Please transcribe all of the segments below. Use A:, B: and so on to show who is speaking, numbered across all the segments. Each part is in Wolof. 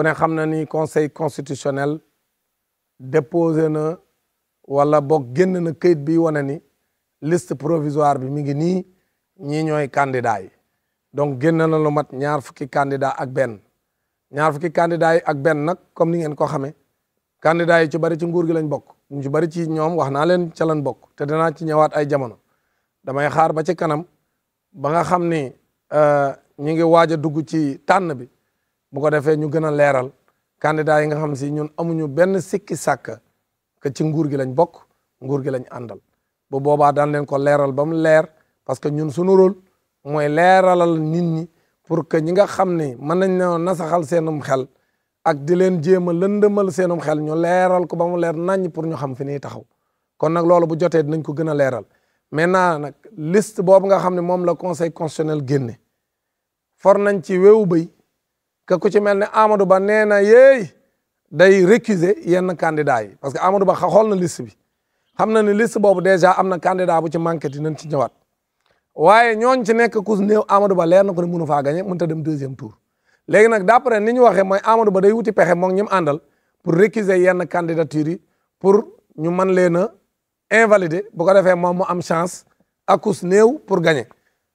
A: ku ne xam na ni conseil constitutionnel déposé na wala boog génn na kayit bi wane ni list provisoire bi mi ngi nii ñii ñooy candidats yi donc génn na lu mat ñaar fukki candidat ak benn ñaar fukki candidats yi ak benn nag comme ni ngeen ko xamee candidats yi ci bari ci nguur gi lañ bokk ñu ci bari ci ñoom wax naa leen ca lañ bokk te danaa ci ñëwaat ay jamono damay xaar ba ci kanam ba nga xam ni euh, ñu ngi waaj a dugg ci tànn bi bu ko defee ñu gën a leeral candidat yi nga xam si ñun amuñu benn sikki sàkk que ci nguur gi lañ bokk nguur gi lañ àndal bu boobaa daan leen ko leeral ba mu leer parce que ñun suñu rôle mooy leeralal nit ñi pour que ñi nga xam ne mën nañ ne nasaxal seenum xel ak di leen jéem a lëndëmal seenum xel ñu leeral ko ba mu leer naññ pour ñu xam fi ñuy taxaw kon nag loolu bu jotee dinañ ko gën a leeral maintenant nag liste boobu nga xam ne moom la conseil constitutionnel génne for nañ ci wewu béy que ku ci mel ne amado Ba nee na yeey day récuser yenn candidats yi parce que amado Ba xool na liste bi xam na ne liste boobu dèjà am na kandidaa bu ci manqué dinañ ci ñëwaat waaye ñooñ ci nekk ku néew amado Ba leer na ko ne mënu faa gagné mënut a dem deuxième tour. léegi nag d' après ni ñu waxee mooy amado Ba day wuti pexe moom ñi mu àndal pour récuser yenn candidature yi pour ñu man leen a invalider bu ko defee moom mu am chance ak néew pour gagné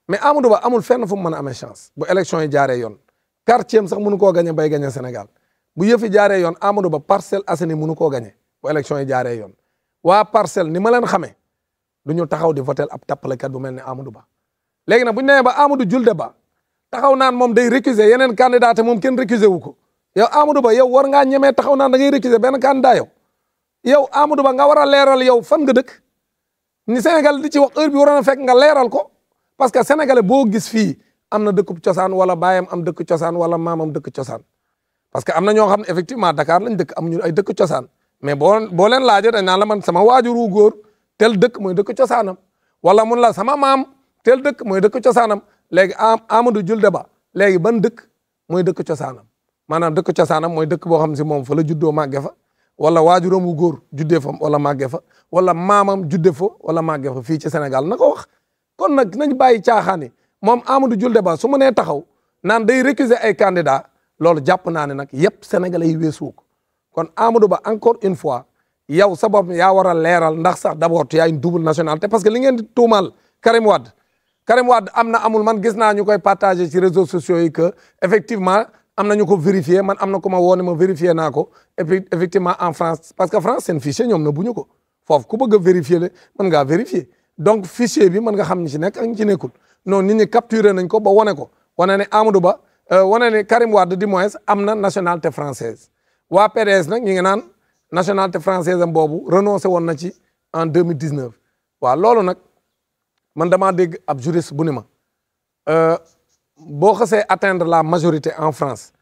A: mais Amadou Ba amul fenn fu mu mën a amee chance bu élection yi jaaree yoon. quartier am sax mënu koo gañe bay gañe Sénégal bu yëfi jaaree yoon Amadou Ba Parcelles Assainies mënu koo gañe bu élection yi jaaree yoon waa parcelle ni ma leen xamee du taxaw di votel a tappalekat bu mel ne Amadou Ba léegi nag bu ñu nee ba Amadou Julde Ba taxaw naan moom day récuser yeneen candidat te moom kenn récuser wu ko yow Ba yow war ngaa ñemee taxaw naan da ngay récuser benn candidat yow yow Ba nga war a leeral yow fan nga dëkk ni Sénégal di ci wax heure bi waroon a fekk nga leeral ko parce que sénégalais boo gis fii am na dëkk cosaan wala baayam am dëkk cosaan wala maamam dëkk cosaan parce que am na ñoo xam ne effectivement Dakar lañ dëkk am ñu ay dëkk cosaan mais boo boo leen laajee dañ naan la man sama waajuru góor tel dëkk mooy dëkk cosaanam wala mun la sama maam tel dëkk mooy dëkk cosaanam léegi Amadou Julde Ba léegi ban dëkk mooy dëkk cosaanam maanaam dëkk cosaanam mooy dëkk boo xam si moom fa la juddoo fa wala waajuram wu góor juddee fa wala màgge fa wala maamam judde fa wala màgge fa fii ci Sénégal na ko kon nag nañ bàyyi caaxaan yi moom Amadou Diouldé Ba su ma nee taxaw naan day récuser ay candidats loolu jàpp naa ne nag yëpp sénégalais yi weesu ko kon Amadou Ba encore une fois yow sa bopp yaa waral leeral ndax sax d' abord tu as une double nationalité parce que li ngeen di tuumaal Karim Wade Karim Wade am na amul man gis naa ñu koy partagé ci réseaux sociaux yi que effectivement am na ñu ko vérifié man am na ku ma woo ma vérifié naa ko et effectivement en France parce que France seen fichier ñoom na bu ñu ko foofu ku bëgg a vérifié le mën ngaa vérifié donc xam ñi ci nekk ak ñi ci non nit ñi capturé nañ ko ba wane ko wane ne Amadou Ba euh, wane ne Karim Wade di moins am na nationalité française waa PDS nag ñu ngi naan nationalité française am boobu renoncé woon na ci en 2019 waa loolu nag man damaa dégg ab juriste bu ni ma euh, boo xasee atteindre la majorité en France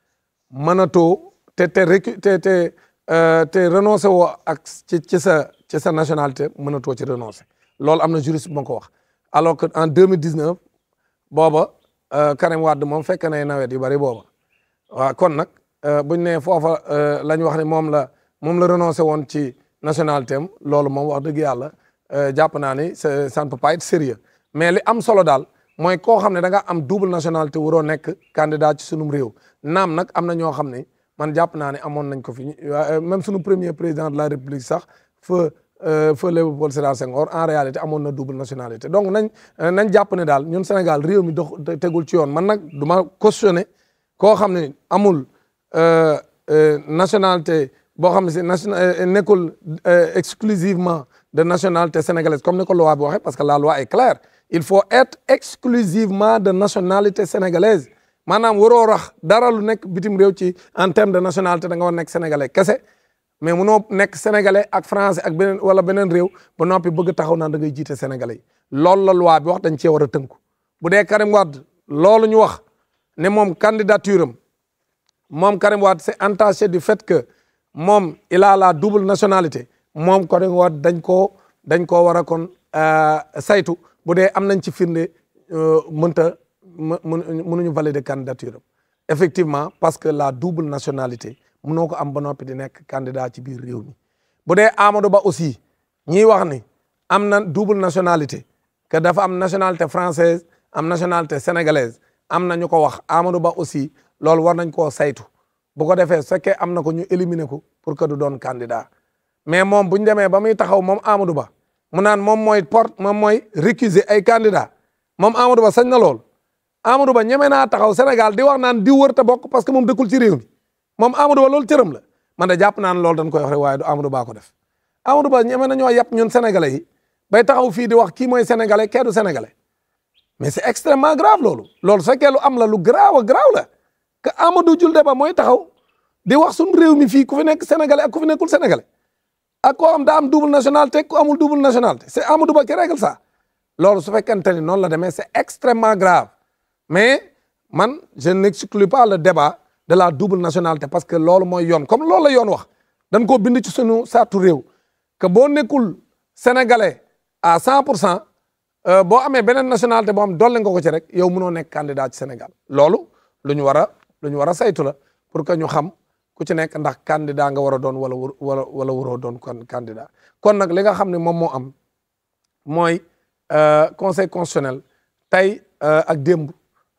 A: mënatoo te te recu te te euh, te woo ak ci ci sa ci sa nationalité mënatoo ci renonce loolu am na juriste bu ma ko wax alors que en 2019 booba euh, Karim Wade moom fekk nay nawet yu bari booba waaw kon nag euh, buñ nee foofa euh, lañ wax ne moom la moom la renoncé woon ci nationalité am loolu moom wax dëgg yàlla jàpp naa ni ça ne peut pas être sérieux mais li am solo daal mooy koo xam ne da am double nationalité waroo nekk candidat ci sunum réew naam nag am na ñoo xam ne man jàpp naa ne amoon nañ ko fi même sunu premier président de la république sax feu Léopold Sédar Senghor en réalité amoon na double nationalité donc nañ euh, nañ jàpp ne daal ñun Sénégal réew mi dox tegul ci yoon man nag du ma cautionné koo xam ne amul euh, euh, nationalité boo xam ne si nation nekkul exclusivement de nationalité sénégalaise comme ni ko loi bi waxee parce que la loi est claire il faut être exclusivement de nationalité sénégalaise maanaam waroo rax dara lu nekk bitim réew ci en terme de nationalité da nga war nekk sénégalais kese mais munoo nekk sénégalais ak français ak beneen wala beneen réew ba noppi bëgg taxaw naa da ngay jiite sénégalais yi loolu la loi bi wax dañ cee war a tënku bu dee Karim Wade loolu ñu wax ne moom candidature am moom Karim Wade c'est entaché du fait que moom il la double nationalité moom Karim Wade dañ koo dañ koo war a kon euh, saytu bu dee am nañ ci firnde euh, mënta mënuñu valider candidature am effectivement parce que la double nationalité mënoo ko am ba noppi di nekk candidat ci biir réew mi bu dee Amadou Ba aussi ñiy wax ni am na double nationalité que dafa am nationalité française am nationalité sénégalaise am na ñu ko wax Amadou Ba aussi loolu war nañ koo saytu bu ko defee su fekkee am na ko ñu éliminer ko pour que du doon candidat mais moom bu ñu demee ba muy taxaw moom Amadou Ba mu naan moom mooy porte moom mooy récuser ay candidat moom Amadou Ba sañ na lool Amadou Ba ñeme naa taxaw Sénégal di wax naan di wër te bokk parce que moom dëkkul ci réew mi moom Amadou Ba loolu cëram la man de jàpp naa ne loolu dañ koy wax rek waaye du Amadou Ba ko def Amadou Ba ñeme nañoo yàpp ñun sénégalais bay taxaw fii di wax kii mooy sénégalais kee du sénégalais mais c'est extrêmement grave loolu loolu su fekkee lu am la lu graaw a graaw la que Amadou Julde Ba mooy taxaw di wax suñu réew mi fii ku fi nekk sénégalais ak ku fi nekkul sénégalais ak koo am daa am double nationalité ku amul double national c'est Amadou Ba qui règle loolu su fekkente ni noonu la demee c'est extrêmement grave mais man je n'exclus pas le débat de la double nationalité parce que loolu mooy yoon comme loolu yoon wax dañ koo bind ci suñu saatu réew que boo nekkul sénégalais a cent pour cent euh, boo amee beneen nationalité boo am dolli nga ko ci rek yow mënoo nekk candidat ci Sénégal loolu lu ñu war a lu ñu war a saytu la pour que ñu xam ku ci nekk ndax candidat nga war a doon wala wala wala waroo doon kon candidat kon nag li nga xam ne moom moo am mooy euh, conseil constitutionnel tey euh, ak démb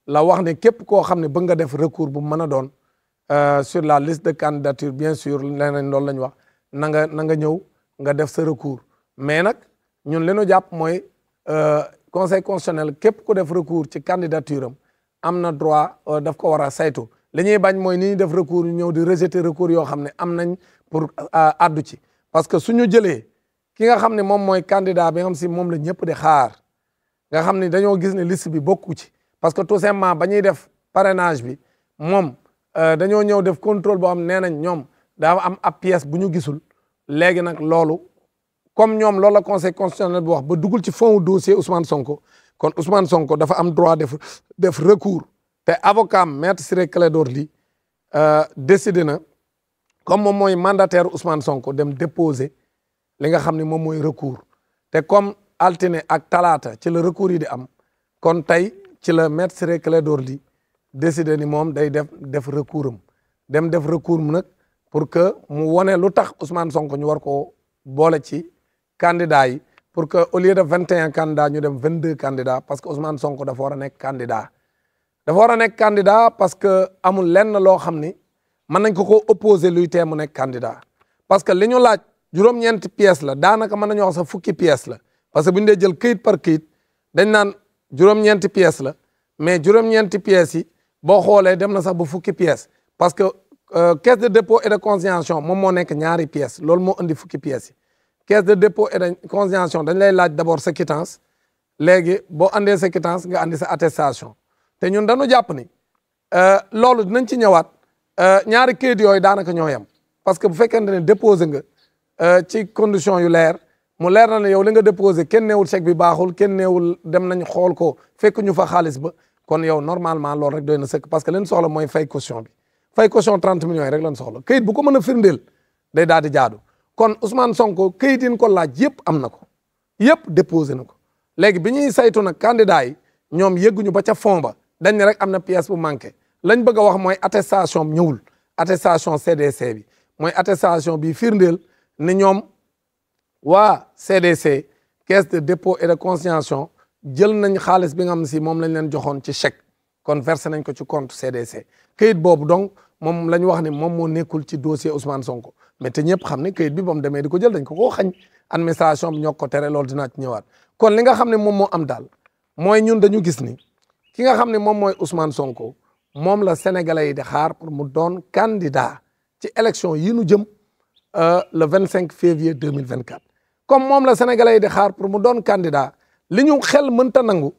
A: la wax ne képp koo xam ne bëgg nga def recours bu mën a doon euh, sur la liste de candidature bien sûr leneen loolu la ñu wax na nga ñëw nga def sa recours mais nag ñun li ñu jàpp mooy euh, conseil constitutionnel képp ku def recours ci candidature am am na droit euh, daf ko war a saytu li ñuy bañ mooy ni ñuy def recours ñëw di rejeter recours yoo xam ne am nañ pour addu ci parce que suñu jëlee ki nga xam ne moom mooy candidat bi nga xam si moom la ñëpp di xaar nga xam ne dañoo gis ne liste bi bokku ci parce que tout simplement ba ñuy def parrainage bi moom euh, dañoo ñëw def contrôle boo xam nee nañ ñoom daa am ab pièce bu ñu gisul léegi nag loolu comme ñoom loolu la conseil constitutionnel bi wax ba dugul ci fond dossier Ousmane Sonko kon Ousmane Sonko dafa am droit def def recours te avocat am maître Ciré Clédor Ly euh, décidé na comme moom mooy mandataire Ousmane Sonko dem déposer li nga xam ne moom mooy recours te comme altine ak talaata ci la recours yi di am kon tey. ci la maître Ciré Clédor Ly décidé ni moom day def def recours am dem def recours am nag pour que mu wone lu tax Ousmane Sonko ñu war ko boole ci candidat yi pour que au lieu de vingt ñu dem vingt deux candidats parce que Ousmane Sonko dafa war a nekk candidat dafa war a nekk candidat parce que amul lenn loo xam ni mën nañ ko ko opposer luy tee mu nekk candidat parce que li ñu laaj juróom-ñeenti pièce la daanaka mën nañu wax sax fukki pièce la parce que bu ñu dee jël këyit par këyit dañ juróom-ñeenti pièces la mais juróom-ñeenti pièces yi boo xoolee dem na sax ba fukki pièces parce que euh, caisse de dépôt et de consignation moom moo nekk ñaari pièces loolu moo indi fukki pièces yi caisse de dépôt et de consignation dañ lay laaj d'abord sa quittance léegi boo andee sa quittance nga andi sa attestation te ñun dañu jàpp ni euh, loolu dinañ ci ñëwaat euh, ñaari kayit yooyu daanaka ñoo yem parce que bu fekkente ne déposé nga ci condition yu leer mu leer na ne yow li nga déposé kenn neewul chèque bi baaxul kenn neewul dem nañ xool ko fekk ñu fa xaalis ba kon yow normalement loolu rek doy na sëkk parce que leen soxla mooy fay caution bi fay caution 30 millions yi rek lañ soxla këyit bu ko mën a firndeel day daal di jaadu kon Ousmane Sonko kayit yi ko laaj yëpp am na ko yëpp déposé na ko léegi bi ñuy saytu nag candidat yi ñoom yëgguñu ba ca fond ba dañ ne rek am na pièce bu manqué lañ bëgg a wax mooy attestation ñëwul attestation CDC bi mooy attestation bi firndeel ni ñoom. waa CDC caisse de dépôt et de consignation jël nañ xaalis bi nga xam si moom lañ leen joxoon ci chèque kon versé nañ ko ci compte CDC kayit boobu donc moom la ñu wax ne moom moo nekkul ci dossier Ousmane Sonko mais te ñëpp xam ne kayit bi ba mu demee di ko jël nañ ko koo xañ administration bi ñoo ko tere loolu dinaa ci ñëwaat kon li nga xam ne moom moo am daal mooy ñun dañu gis ni ki nga xam ne moom mooy Ousmane Sonko moom la sénégalais yi di xaar pour mu doon candidat ci élection yi nu jëm euh, le vingt cinq février deux mille vingt quatre comme moom la sénégalais yi di xaar pour mu doon candidat li ñu xel mënta nangu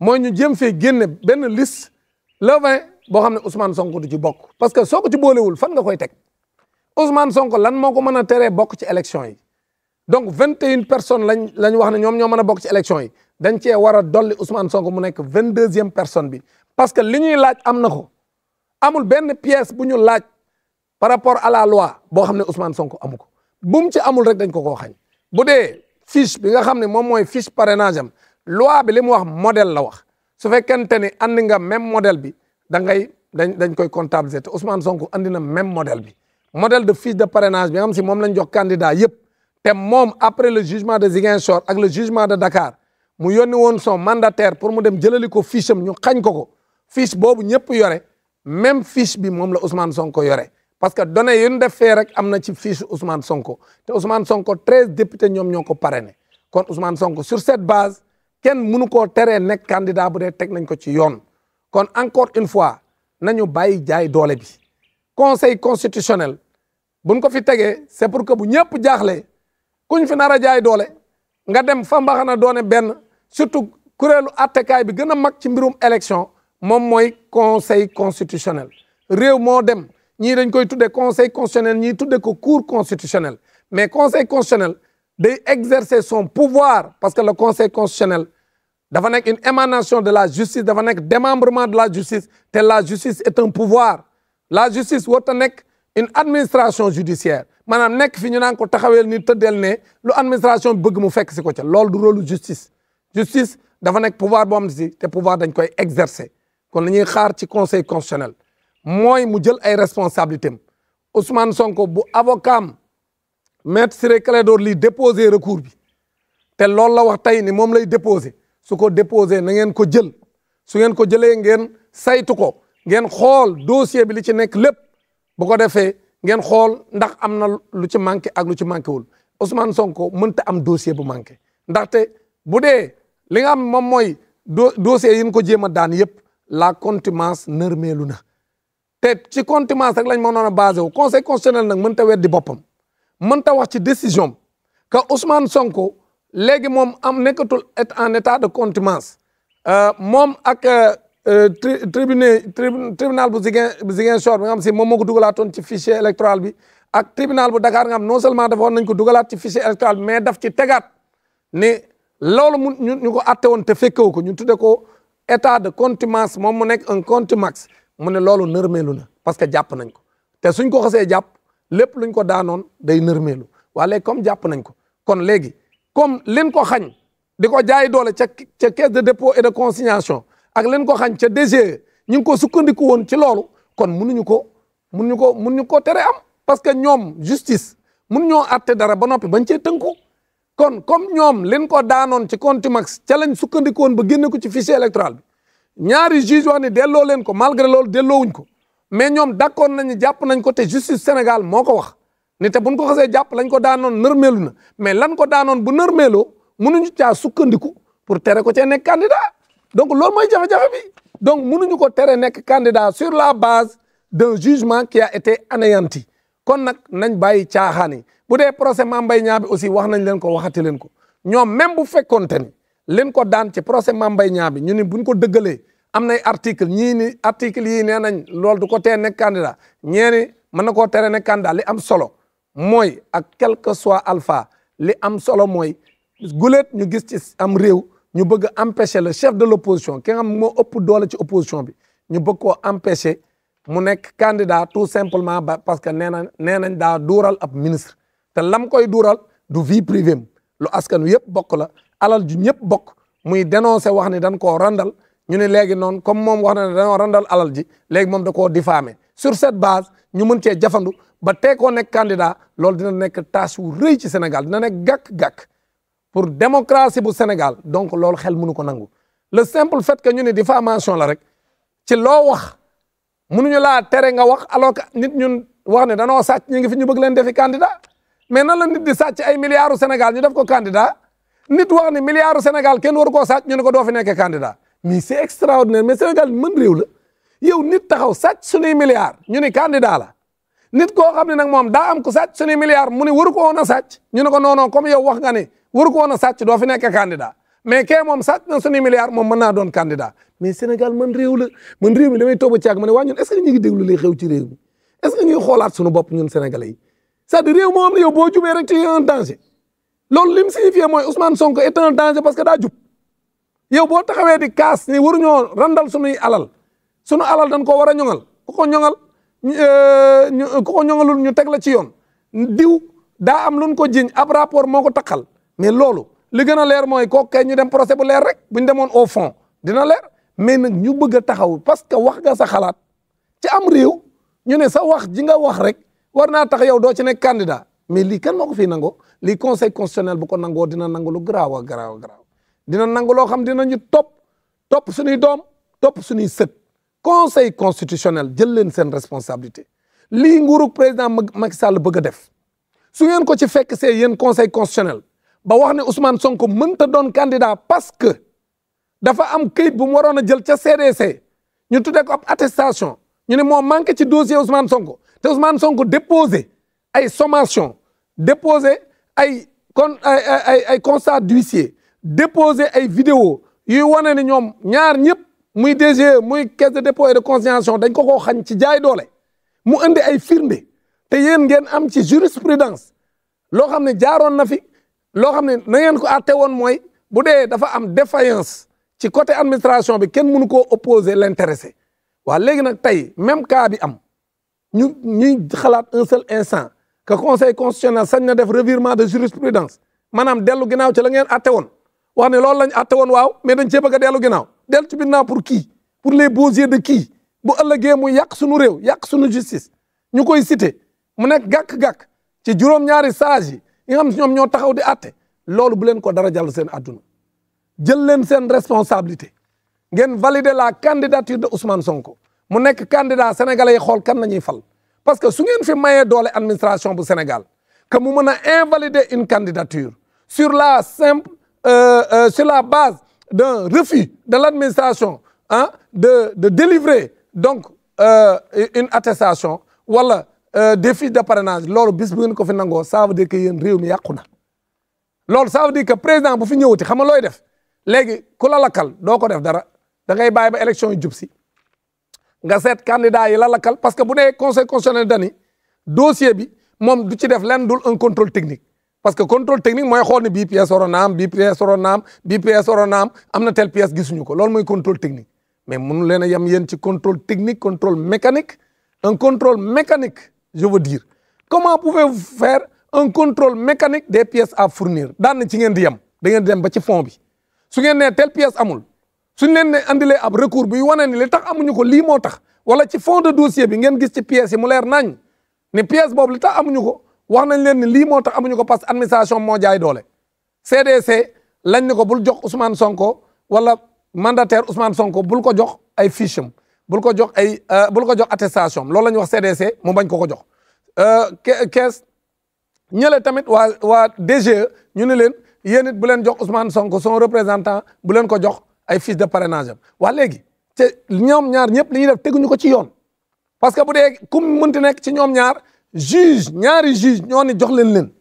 A: moo ñu jëm fee génne benn liste le 20 boo xam ne Ousmane Sonko di ci bokk parce que soo ko ci boolewul fan nga koy teg Ousmane Sonko lan moo ko mën a teree bokk ci élection yi donc une personnes lañ lañ wax ne ñoom ñoo mën a bokk ci élection yi dañ cee war a dolli Ousmane Sonko mu nekk vingt e personne bi parce que li ñuy laaj am na ko amul benn pièce bu ñu laaj par rapport à boo xam ne Ousmane Sonko amu ko bu mu ci amul rek dañ ko koo xañ bu dee fiche bi nga xam ne moom mooy fiche parrainage am loi bi li mu wax modèle la wax su fekkente ni andi nga même modèle bi da ngay dañ dañ koy comptabiliser te Ousmane Sonko andi na même modèle bi model de fiche de parrainage bi nga xam si moom lañ jox candidat yëpp te moom après le jugement de Ziguinchor ak le jugement de Dakar mu yónni woon son mandataire pour mu dem jëlali ko fiche am ñu xañ ko ko fiche boobu ñëpp yore même fiche bi moom la Ousmane ko yore parce que données yu ñu def fee rek am na ci fiche Ousmane Sonko te Ousmane Sonko treize députés ñoom ñoo ko parrainé kon Ousmane Sonko sur cette base kenn mënu koo teree nekk kandidaa bu dee teg nañ ko ci yoon kon encore une fois nañu bàyyi jaay doole bi conseil constitutionnel buñ ko fi tegee c'est pour que bu ñëpp jaaxlee kuñ fi nar a jaay doole nga dem fa mbaxana doone benn surtout kuréelu attekaay bi gën a mag ci mbirum élection moom mooy conseil constitutionnel réew moo dem ñii dañ koy tuddee conseil constitutionnel ñii tuddee ko cour constitutionnelle mais conseil constitutionnel day exercer son pouvoir parce que le conseil constitutionnel dafa nekk une émanation de la justice dafa nekk démembrement de la justice te la justice est un pouvoir la justice warut nekk une administration judiciaire maanaam nekk fi ñu naan ko taxaweel ni tëddeel ne lu administration bëgg mu fekk si ko ca loolu du rôle justice justice dafa nekk pouvoir boo xam ne si koy exercer kon la ñuy xaar ci conseil mooy mu jël ay responsabilités am Ousmane Sonko bu avocat am maître Ciré Clédor Ly déposé recours bi te loolu la wax tey ni moom lay déposé su ko déposé na ngeen ko jël su ngeen ko jëlee ngeen saytu ko ngeen xool dossier bi li ci nekk lépp bu ko defee ngeen xool ndax am na lu ci manqué ak lu ci manqué wul Ousmane Sonko mënta am dossier bu manqué ndaxte bu dee li nga am moom mooy dossier yi ñu ko jéem a daan yëpp la contumace nërmeelu na te ci contumace rek lañ mënoon a basé wu conseil constitutionnel nag mënta weddi boppam mënta wax ci décision que Ousmane Sonko léegi moom am nekkatul en état de contumace euh, moom ak euh, euh, tribunal tribunal bu Ziguin Ziguinchor bi nga xam si moom moo ko dugalaatoon ci fichier électoral bi ak tribunal bu Dakar nga xam non seulement dafa woon nañ ko dugalaat ci fichier électoral mais daf ci tegaat ni loolu mu ñu ko atte woon te fekkewu ko ñu tudde ko état de contimence moom mu nekk un contumax mu ne loolu nërmeelu na parce que jàpp nañ ko te suñ ko xasee jàpp lépp luñ ko daanoon day nërmeelu waaye comme jàpp nañ ko kon léegi comme leen ko xañ di ko jaay doole ca ca caisse de dépôt et de consignation ak leen ko xañ ca DGE ñu ko sukkandiku woon ci loolu kon mënuñu ko ñu ko ñu ko tere am parce que ñoom justice mënuñoo àtte dara ba noppi bañ cee tënku kon comme ñoom leen ko daanoon ci contumax ca lañ sukkandikoon ba génne ko ci fichier électoral bi ñaari juge wax delloo leen ko malgré loolu delloowuñ ko mais ñoom d'accord nañu jàpp nañ ko te justice Sénégal moo ko wax ne te buñ ko xasee jàpp lañ ko daanoon nërmeelu na mais lan ko daanoon bu nërmeeloo mënuñu caa sukkandiku pour tere ko cee nekk candidat donc loolu mooy jafe-jafe bi donc mënuñu ko tere nekk candidat sur la base d'un jugement qui a été anéanti kon nag nañ bàyyi caaxaan bu dee procès Mame Mbaye Niang aussi wax nañ leen ko waxati leen ko ñoom même bu fekkoonte ni leen ko daan ci procès Mame Mbaye Niang bi ñu ne buñ ko dëggalee am nay article ñii ni article yi nee nañ loolu du ko tee nekk candidat ñeeni mën na koo tere nekk candidat li am solo mooy ak quel que soit alfa li am solo mooy guleet ñu gis ci am réew ñu bëgg empêcher le chef de l'opposition ki nga xam moo ëpp doole ci opposition bi ñu bëgg koo empêcher mu nekk candidat tout simplement ba parce que nee nañ nee nañ daa duural ab ministre te lam koy duural du vie privée lu askan wi yëpp bokk la alal ju ñëpp bokk muy dénoncé wax ne dañ koo randal ñu ne léegi noonu comme moom wax na ne dañoo randal alal ji léegi moom da koo diffamé sur cette base ñu mën cee jafandu ba tey koo nekk candidat loolu dina nekk tâche wu rëy ci Sénégal dina nekk gàkk-gàkk pour démocratie bu Sénégal donc loolu xel mënu ko nangu le simple fait que ñu ne diffamation la rek ci loo wax mënuñu laa tere nga wax alors que nit ñun wax ne danoo sàcc ñi ngi fi ñu bëgg leen defi candidat mais nan la nit di ay milliards u Sénégal ñu def ko candidat nit wax ne milliard Sénégal kenn waru koo sàcc ñu ko doo fi nekkee candidat mais c'est la yow nit taxaw sàcc suñuy milliards ñu ne candidat la nit koo xam ne nag moom daa am ku sàcc suñuy milliards mu ne waru ko woon a sàcc ñu ne ko non non comme yow wax nga ne waru ko woon a sàcc doo fi nekkee candidat mais kee moom sàcc na suñuy milliards moom mën naa doon candidat mais Sénégal mën réew la mën réew mi damay toog a caag ma ne waa ñun est ce que ñu ngi ci réew yi c'est-à-dire loolu lim signifié mooy Ousmane Sonko est un danger parce que daa jub yow boo taxawee di kaas ni waruñoo randal sunuy alal sunu alal dañ koo war a ñoŋal ku ko ñoŋal euh, ku ko ñoŋalul ñu teg la ci yoon diw daa am luñ ko jiñ ab rapport moo ko taxal mais loolu li gën a leer mooy kooku kay ñu dem procès bu leer rek bu ñu demoon au fond dina leer mais nag ñu bëgg a taxaw parce que wax nga sa xalaat ci am réew ñu ne sa wax ji nga wax rek war naa tax yow doo ci nekk candidat mais lii kan moo ko fii nangoo lii conseil constitutionnel bu ko nangoo dina nangu lu garaaw a garaaw a dina nangu loo xam dina ñu topp topp suñuy doom topp suñuy sët conseil constitutionnel jël leen seen responsabilité lii nguurug président Macky Sall bëgg a def su ngeen ko ci fekk see yéen conseil constitutionnel ba wax ne Ousmane Sonko mënta doon candidat parce que dafa am këyit bu mu waroon a jël ca se ñu tuddee ko ab attestation ñu ne moo manqué ci dossier Ousmane Sonko te Ousmane Sonko déposé ay somation déposé ay kon ay ay ay constat d'huissier déposer ay vidéo yuy wane ni ñoom ñaar ñëpp muy DG muy caisse de dépôt de consignation dañ ko koo xañ ci jaay doole mu indi ay firnde te yéen ngeen am ci jurisprudence loo xam ne jaaroon na fi loo xam ne na ngeen ko àtte woon mooy bu dee dafa am défaillance ci côté administration bi kenn mënu koo opposer l'intéressé waa léegi nag tey même cas bi am ñu ñuy xalaat un instant que conseil constitutionnel sañ na def revirement de jurisprudence maanaam dellu ginnaaw ci la ngeen atte woon wax ne loolu lañ atte woon waaw mais dañ cee bëgg a dellu ginnaaw dellu ci ginnaaw pour kii pour les beaux yeux de kii bu ëllëgee mu yàq suñu réew yàq suñu justice ñu koy cité mu nekk gàkk-gàkk ci juróom-ñaari sages yi yi ñoom ñoo taxaw di atte loolu bu leen ko dara jàll seen adduna jël leen seen responsabilité ngeen valider la candidature de Ousmane Sonko mu nekk candidat sénégalais xool kan la ñuy fal parce que su ngeen fi mayee doole administration bu senegal que mu mën a invalider une candidature sur la simple euh, euh, sur la base d'un refus de l'administration ah de de délivrer donc euh, une attestation wala euh, des fiches de parrainage loolu bis bu ngeen ko fi nangoo ça veut dire que yéen réew mi yàqu na loolu ça veut dire que président bu fi ñëw ñëwati xam nga looy def léegi ku la lakkal doo ko def dara da ngay bàyyi ba élection yi jub nga seet candidat yi la lakkal parce que bu nee conseil constitutionnel dani dossier bi moom du ci def lenn dul un contrôle technique parce que contrôle technique mooy xool ne bii pièce waroon na am bii pièce am na am am gisuñu ko lool mooy contrôle technique mais mënu leen a yem yéen ci contrôle technique contrôle mécanique un contrôle mécanique je veux comment pouvez-vous faire un contrôle mécanique des pièces à fournir daan na ci di yem da ngeen di dem ba ci fond bi su ngeen nee amul suñ leen ne andilee ab recours buy wane ni li tax amuñu ko lii moo tax wala ci fond de dossier bi ngeen gis ci pièces yi mu leer nañ ne pièce boobu li tax amuñu ko wax nañ leen ni lii moo tax amuñu ko parce que administration moo jaay doole CDC lañ ne ko bul jox Ousmane Sonko wala mandataire usman Sonko bul ko jox ay fiche bul ko jox ay euh, bul ko jox attestation am loolu la ñuy wax CDC mu bañ ko ko jox euh, kees ñële tamit waa waa DGE ñu ne leen yéen it bu leen jox Ousmane Sonko son représentant bu leen ko jox ay fiches de parrainage am waa léegi te ñoom ñaar ñëpp li ñuy def teguñu ko ci yoon parce que bu dee ku mënti nekk ci ñoom ñaar juge ñaari juge ñoo ni jox leen leen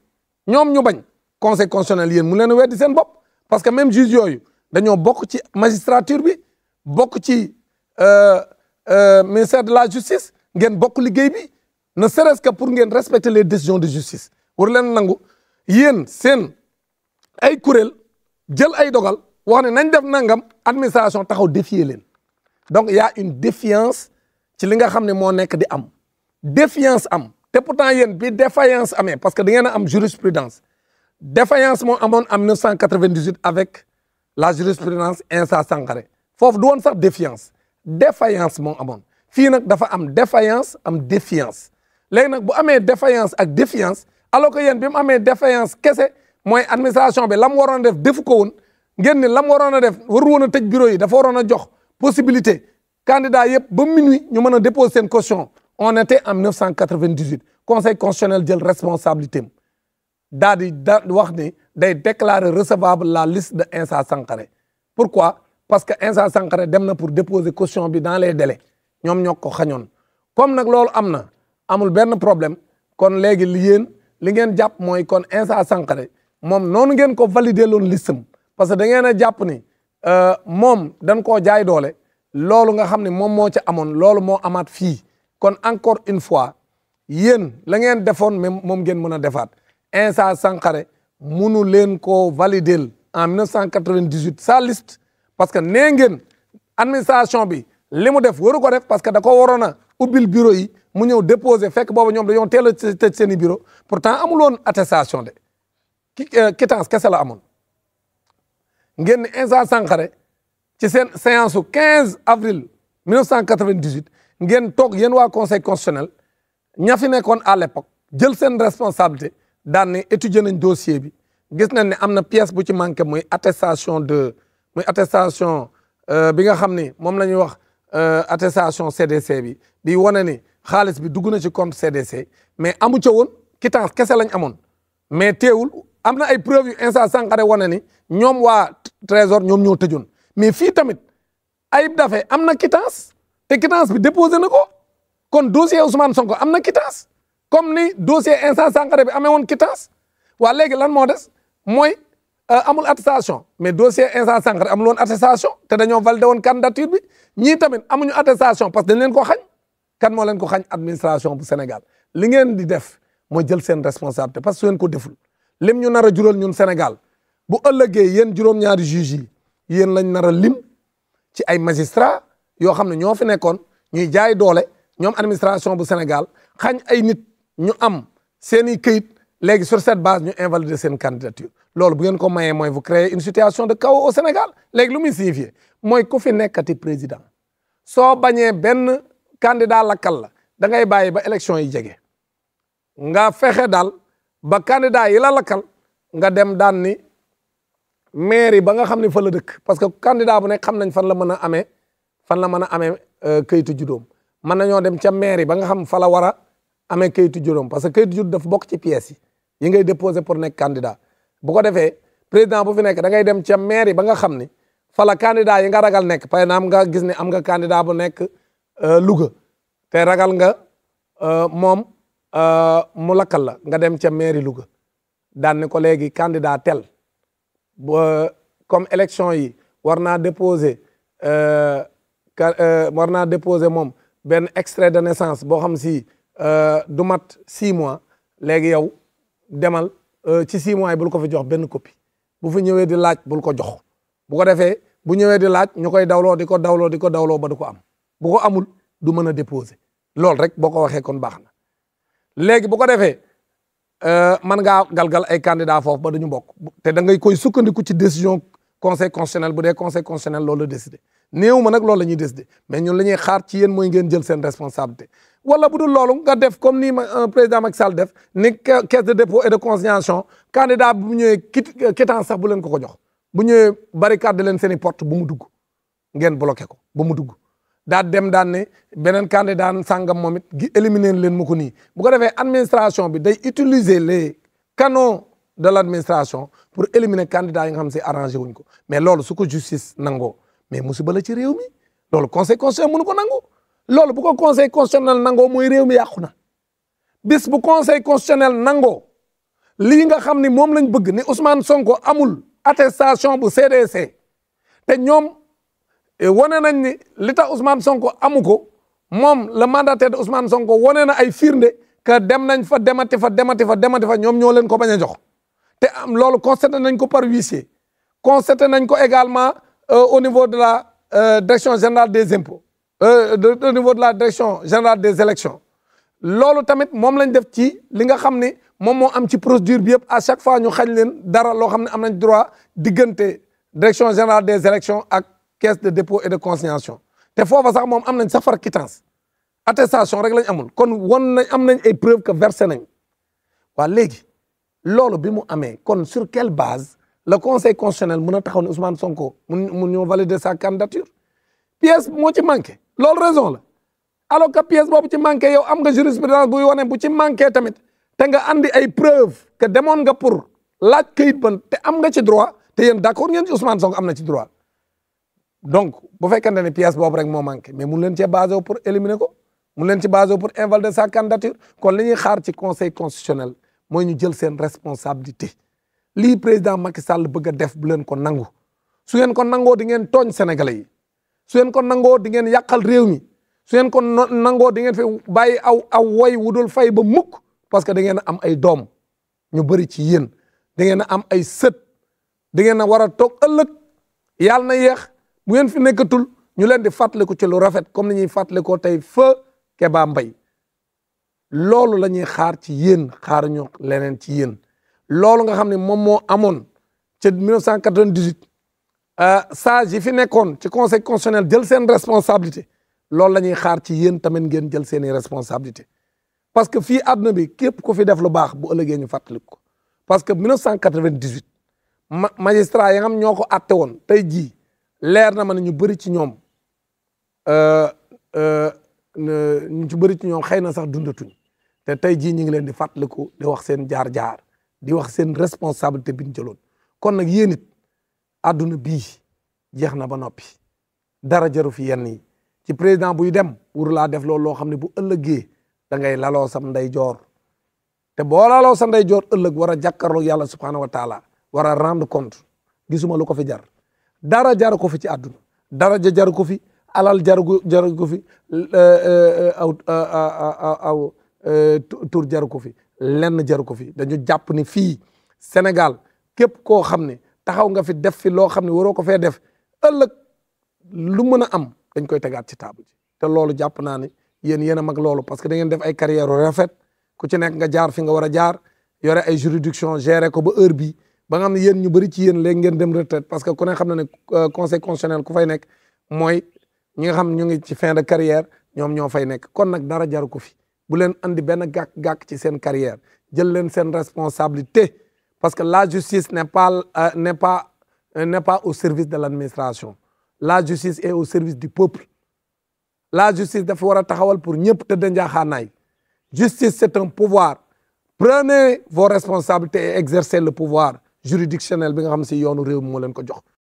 A: ñoom ñu bañ conseil constitutionnel yéen mu leen di seen bopp parce que même juge yooyu dañoo bokk ci magistrature bi bokk ci euh, euh, ministère de la justice ngeen bokku liggéey bi ne serait-ce que pour ngeen respecte les décisions de justice war leen nangu yéen seen ay kuréel jël ay dogal wax ne nañ def nangam administration taxaw défier leen donc y' une défiance ci li nga xam ne moo nekk di am défiance am te pourtant yéen bi défaillance amee parce que da ngeen a am jurisprudence défaillance moo amoon en 1998 avec la jurisprudence Insa Sangaré foofu du woon sax défiance défaillance moo amoon fii nag dafa am défaillance am défiance léegi nag bu amee défaillance ak défiance alors que yéen bi mu amee défaillance kese mooy administration bi la mu waroon def defu ko woon ngeen ne lam waroon a def waru woon a tëj bureau yi dafa waroon a jox possibilité candidat yëpp ba minuit ñu mën a déposer seen caution on était en 1998 conseil constitutionnel jël responsabilité am daa di da wax ni day déclarer recevable la liste de Insa Sankaré pourquoi parce que Insa Sankaré dem na pour déposé caution bi dans les délais ñoom ñoo ko xañoon comme nag loolu am na amul benn problème kon léegi li yéen li ngeen jàpp mooy kon Insa Sankaré moom noonu ngeen ko valider loon listam parce que da ngeen a jàpp ni euh, moom dañ koo jaay doole loolu nga xam ne moom moo ca amoon loolu moo amaat fii kon encore une fois yéen la ngeen defoon même moom ngeen mën a defaat Insa Sankharé munu leen koo valider en 1998 sa liste parce que nee ngeen administration bi li mu def waru ko def parce que da ko waroon a ubbil yi mu ñëw déposé fekk booba ñoom dañoo teel a tëj seen i bureau pourtant amul woon attestation de euh, quittance kese la amoon ngeen ne Insa Sankharé ci seen séance su 15 avril 1998 ngeen toog yéen waa conseil constitutionnel ña fi nekkoon à l'époque jël seen responsabilité daan ne étudier nañ dossier bi gis nañ ne am na pièce bu ci manqué muy attestation de muy attestation euh, bi nga xam ni moom la ñuy wax euh, attestation CDC bi bi wane ni xaalis bi dugg na ci compte CDC mais amu ca woon quittance kese lañ amoon mais teewul am na ay preuve yu Insa Sankharé wane ni ñoom waa. trésor ñoom ñoo tëjoon mais fii tamit Ayib Daffé am na quittance te quittance bi déposé na ko kon dossier Ousmane Sonko am na quittance comme ni dossier instance Sankharé bi amee woon quittance waa léegi lan moo des mooy euh, amul attestation mais dossier instance Sankharé amul woon attestation te dañoo validé woon candidature bi ñii tamit amuñu attestation parce que leen ko xañ kan moo leen ko xañ administration bu Sénégal li ngeen di def mooy jël seen responsabilité parce que su ko deful lim ñu nar a Sénégal bu ëllëgee yéen juróom-ñaari juges yi yéen lañ nar a lim ci ay magistrats yoo xam ne ñoo fi nekkoon ñuy jaay doole ñoom administration bu Sénégal xañ ay nit ñu am seen i këyit léegi sur cette base ñu invalider seen candidature loolu bu ngeen ko mayee mooy vous créez une situation de chaos au Sénégal léegi lu muy signifier mooy ku fi nekkati président soo bañee benn candidat lakkal la da ngay bàyyi ba élection yi jege nga fexe daal ba candidat yi la lakkal nga dem daan maire yi ba nga xam ne fa la dëkk parce que candidat bu nekk xam nañ fan la mën a amee fan la mën a amee euh, kayitu juddoom mën nañoo dem ca maire yi ba nga xam fa la war a amee kayitu juddoom parce que kayitu judd dafa bokk ci pièces yi yi ngay déposé pour nekk candidat bu ko defee président bu fi nekk da ngay dem ca maire yi ba nga xam ni fala la candidat yi nga ragal nekk par exemple nga gis ne am nga candidat bu nekk euh, Louga te ragal nga euh, moom mu lakkal la nga dem ca maire Louga daan ko léegi candidat tel ba comme élection yi war naa déposer euh, euh, war naa déposer moom benn extrait de naissance boo xam si euh, du mat six mois léegi yow demal ci six mois yi bul ko fi jox benn copie bu fi ñëwee di laaj bul ko jox bu ko defee bu ñëwee di laaj ñu koy dawloo di ko dawloo di ko dawloo ba du ko am bu ko amul du mën a déposer loolu rek boo ko waxee kon baax na léegi bu ko defee Euh, man ngaa galgal ay candidat foofu ba ñu bokk te da ngay koy sukkandiku ci décision conseil constitutionnel bu dee conseil constitutionnel loolu la décidé néew ma nag loolu la ñuy décidé mais ñun la ñuy xaar ci yéen mooy ngeen jël seen responsabilité wala bu dul loolu nga def comme ni euh, président Macky Sall def ni caisse de dépôt et de consignation candidat bu ñëwee kit euh, quittance sax bu leen ko ko jox bu ñëwee barricade leen seen i porte bu mu dugg ngeen bloqué ko ba mu dugg daa dem daan ne beneen candidat sangam moom it gi éliminer leen mu ko nii bu ko defee administration bi day utiliser les canaux de l' administration pour éliminer candidat yi nga xam si arrangé wuñ ko mais loolu su ko justice nangoo mais musiba la ci réew mi loolu conseil constitutionnel mënu ko nangu loolu bu ko conseil constitutionnel nangoo mooy réew mi yàqu na bis bu conseil constitutionnel nangoo lii nga xam ni moom lañ bëgg ni Ousmane Sonko amul attestation bu CDC te ñoom. wane nañ ni li tax Ousmane Sonko amu ko moom le mandataire de Ousmane Sonko wane na ay firnde que dem nañ fa demati fa demati fa demati fa ñoom ñoo leen ko bañ a jox te am loolu constaté nañ ko par huissier constaté nañ ko également euh, au niveau de la euh, direction générale des impôts euh, au niveau de la direction générale des élections loolu tamit moom lañ def ci li nga xam ni moom moo am ci procédure bi yëpp à chaque fois ñu xañ leen dara loo xam ne am nañ droit diggante direction générale des élections ak caisse de dépôt et de consignation te foofa sax moom am nañ sax far quittance attestation rek lañ amul kon won nañ am nañ ay preuve que versé nañ waa léegi loolu bi mu amee kon sur quelle base la conseil constitutionnel mën a taxaw ne Ousmane Sonko mun mun ñoo valider sa candidature pièce moo ci manqué loolu raison la alors que pièce boobu ci manqué yow am nga jurisprudence buy wane bu ci manqué tamit te nga andi ay preuve que demoon nga pour laaj këyit ban te am nga ci droit te yéen d'accord ngeen ci am na ci droit donc bu fekkente ne pièce boobu rek moo manqué mais mun leen cee basé pour éliminer ko mun leen ci basé pour invalider sa candidature kon li ñuy xaar ci conseil constitutionnel mooy ñu jël seen responsabilité lii président Macky Sall bëgg a def bu leen ko nangu su ngeen ko nangoo di ngeen tooñ Sénégalais yi su ngeen ko nangoo di ngeen yàqal réew mi su ngeen ko nangoo di ngeen fi bàyyi aw aw woy wudul fay ba mukk parce que da ngeen a am ay doom ñu bëri ci yéen di ngeen a am ay sët di ngeen a war a toog ëllëg yàlla na yéex. bu ngeen fi nekkatul ñu leen di fàttaliku ci lu rafet comme ni ñuy fàttalikoo tey fa kebaa Mbaye loolu la ñuy xaar ci yéen xaar ñu leneen ci yéen loolu nga xam ne moom moo amoon ca 1998 euh, sages yi fi nekkoon ci conseil constitutionnel jël seen responsabilité loolu la ñuy xaar ci yéen tamit ngeen jël seeni responsabilité parce que fii àdduna bi képp ku fi def lu baax bu ëllëgee ñu fàttaliku ko parce que 1998 ma magistrat ya nga xam ñoo ko àtte woon tey jii leer na ma ne ñu bëri ci ñoom euh, euh, ñu ci bëri ci ñoom xëy na sax dundatuñ te tey jii ñu ngi leen di fàttaliku di wax seen jaar-jaar di wax seen responsabilité bi ñu jëloon kon nag yéen it àdduna bi jeex na ba noppi dara jaru fi yenn yi ci président buy dem wuru laa def loolu loo xam ne bu ëllëgee da ngay laloo sam nday joor te boo laloo sa nday joor ëllëg war a jàkkaarloog yàlla subhanahu wa taala war a rendre compte gisuma lu ko fi jar dara jaru ko fi ci àdduna daraja jaru ko fi alal jaru jaru ko fi aw aw tur jaru ko fi lenn jaru ko fi dañu jàpp ni fii Sénégal képp koo xam ne taxaw nga fi def fi loo xam ne waroo ko fee def ëllëg lu mën a am dañ koy tegaat ci table ji te loolu jàpp naa ne yéen yéen a mag loolu parce que da ngeen def ay carrière rafet ku ci nekk nga jaar fi nga war a jaar yore ay juridiction gérer ko ba heure bi ba nga xam ne ñu bëri ci yéen léegi ngeen dem retraite parce que ku ne xam na ne euh, conseil constitutionnel ku fay nekk mooy ñi nga xam ñu ngi ci fin de carrière ñoom ñoo fay nekk kon nag dara jaru ko fi bu leen andi benn gàkk-gàkk ci seen carrière jël leen seen responsabilité parce que la justice ne pas euh, n'est euh, au service de l'administration la justice est au service du peuple la justice dafa war a taxawal pour ñëpp tëdd njaaxaanaay justice c'est un pouvoir prenez vos responsabilités le pouvoir juridictionnel bi nga xam si yoonu réew mi moo leen ko jox